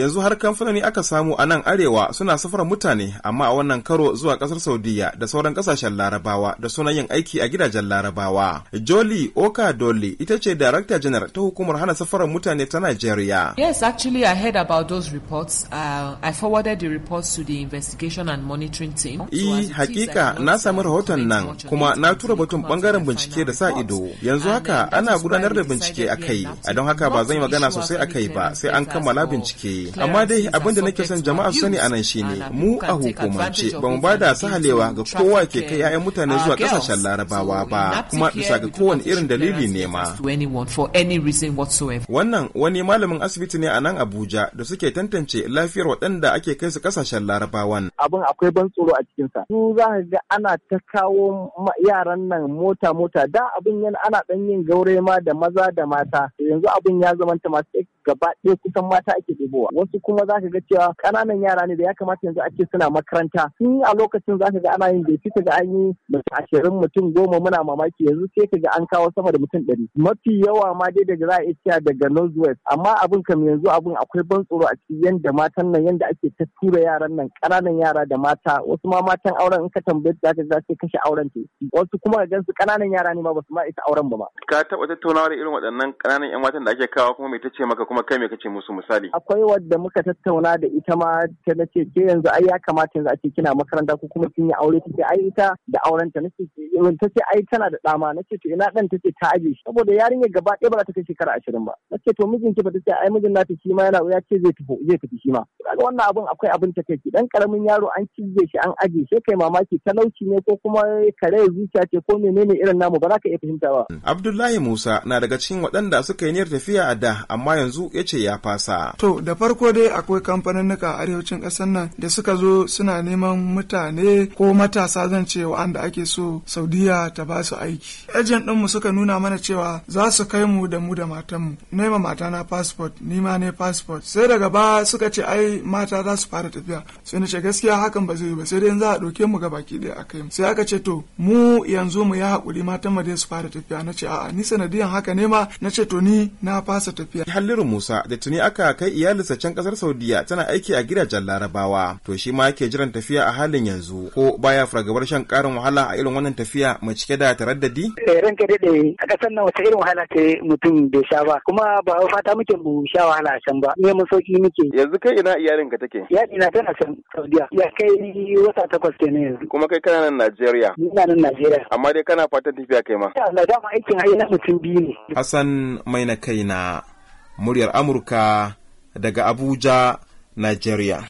yanzu har kamfanoni aka samu a nan arewa suna safarar mutane amma a wannan karo zuwa kasar saudiya da sauran kasashen larabawa da suna yin aiki a gidajen larabawa jolly oka dolly ita ce darakta general ta hukumar hana safarar mutane ta nigeria yes actually i heard about those reports uh, i forwarded the reports to the investigation and monitoring team eh hakika na sami rahoton nan kuma na tura batun bangaren bincike da sa ido yanzu haka ana gudanar da bincike a kai don haka ba zan yi magana sosai a kai ba sai an kammala bincike amma dai abin da nake son jama'a sani anan shine mu a hukumance ba mu ba da sahalewa ga kowa ke kai 'ya'yan mutane zuwa kasashen larabawa ba kuma bisa ga kowane irin dalili ne ma wannan wani malamin asibiti ne a nan abuja da suke tantance lafiyar waɗanda ake kai su kasashen larabawan abin akwai ban tsoro a cikin sa su za ka ga ana ta kawo yaran nan mota mota da abin yana ana ɗan yin gaure ma da maza da mata yanzu abin ya zama ta masu gaba ɗaya kusan mata ake ɗebowa wasu kuma za ka ga cewa ƙananan yara ne da ya kamata yanzu ake suna makaranta sun a lokacin za ka ga ana yin bai fita ga an yi ashirin mutum goma muna mamaki yanzu sai ka ga an kawo sama da mutum ɗari mafi yawa ma dai daga za a iya cewa daga northwest amma abin kam yanzu abin akwai ban tsoro a cikin yanda matan nan yanda ake ta tura yaran nan ƙananan yara da mata wasu ma matan auren in ka tambaye za ka ga sai kashe auren ce wasu kuma ga su ƙananan yara ne ma ba su ma isa auren ba ma ka taɓa tattaunawa da irin waɗannan ƙananan 'yan matan da ake kawo kuma mai ta ce maka kuma kuma kai mai kace musu misali akwai wadda muka tattauna da ita ma ta nace ke yanzu ai ya kamata yanzu ake kina makaranta ko kuma kin yi aure take ai ita da auren ta nace ta ce ai tana da dama nace to ina dan tace ta aje shi saboda yarinya gaba ɗaya ba za ta kai shekara ashirin ba nace to mijin ki ba ta ce ai mijin nata shi ma yana ya ce zai tafi zai tafi shi ma kaga wannan abun akwai abin ta kai dan karamin yaro an cije shi an aje shi kai mamaki talauci ne ko kuma kare zuciya ce ko menene irin namu ba za ka iya fahimta ba Abdullahi Musa na daga cikin waɗanda suka yi niyyar tafiya a da amma yanzu ya ce ya fasa. To da farko dai akwai kamfanin kamfaninnika a arewacin ƙasar nan da suka zo suna neman mutane ko matasa zan ce wa'anda ake so Saudiya ta ba su aiki. Ejen ɗinmu suka nuna mana cewa za su kai mu da mu da matanmu. Nema mata na fasfot, ni ma ne fasfot. Sai daga ba suka ce ai mata za su fara tafiya. Sai na ce gaskiya hakan ba zai yi ba sai dai za a ɗauke mu ga baki ɗaya a kai mu. Sai aka ce to mu yanzu mu ya haƙuri matan ma dai su fara tafiya. Na ce a'a ni sanadiyan haka ne ma na ce to ni na fasa tafiya. Halliru mu Musa da tuni aka kai iyalinsa can kasar Saudiya tana aiki a gidajen Larabawa. To shi ma ke jiran tafiya a halin yanzu ko baya fargabar shan karin wahala a irin wannan tafiya mai cike da taraddadi? Eh ranka daɗe a ƙasar nan wata irin wahala ce mutum bai sha ba kuma ba fata muke mu sha wahala a can ba mun sauki muke. Yanzu kai ina iyalinka take? Iyalina tana can Saudiya ya kai wata takwas kenan yanzu. Kuma kai kana nan Najeriya? Ina nan Najeriya. Amma dai kana fatan tafiya kai ma? Ya Allah dama aikin ai na mutum biyu ne. Hassan mai na kaina muryar Amurka daga Abuja, Nigeria.